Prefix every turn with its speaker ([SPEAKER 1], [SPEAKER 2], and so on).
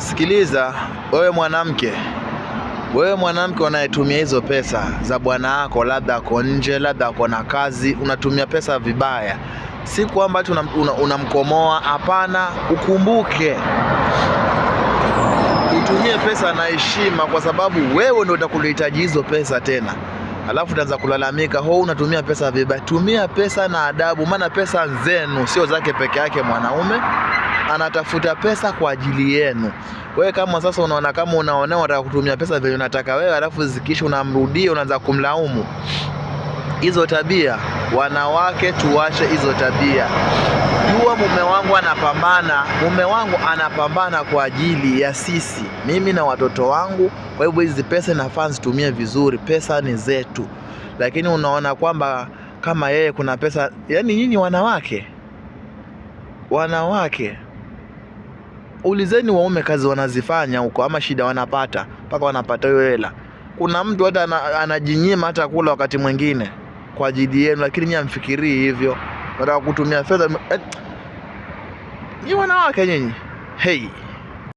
[SPEAKER 1] Sikiliza wewe mwanamke, wewe mwanamke unayetumia hizo pesa za bwana wako, labda ako nje, labda ako na kazi, unatumia pesa vibaya, si kwamba tu unamkomoa, una, una hapana. Ukumbuke utumie pesa na heshima, kwa sababu wewe ndio utakulihitaji hizo pesa tena. Alafu utaanza kulalamika, ho, unatumia pesa vibaya. Tumia pesa na adabu, maana pesa zenu sio zake peke yake mwanaume anatafuta pesa kwa ajili yenu. Wewe kama sasa unaona kama unaona unataka kutumia pesa vile unataka wewe, alafu zikisha unamrudia, unaanza kumlaumu. Hizo tabia, wanawake tuwache hizo tabia. Jua mume wangu anapambana, mume wangu anapambana kwa ajili ya sisi, mimi na watoto wangu. Kwa hivyo hizi pesa nafaa zitumie vizuri, pesa ni zetu. Lakini unaona kwamba kama yeye kuna pesa, yani nyinyi wanawake, wanawake Ulizeni waume kazi wanazifanya huko, ama shida wanapata mpaka wanapata hiyo hela. Kuna mtu hata anajinyima hata kula wakati mwingine kwa ajili yenu, lakini nyinyi hamfikirii hivyo, nataka kutumia fedha. Eh, Ni wanawake nyinyi, Hey.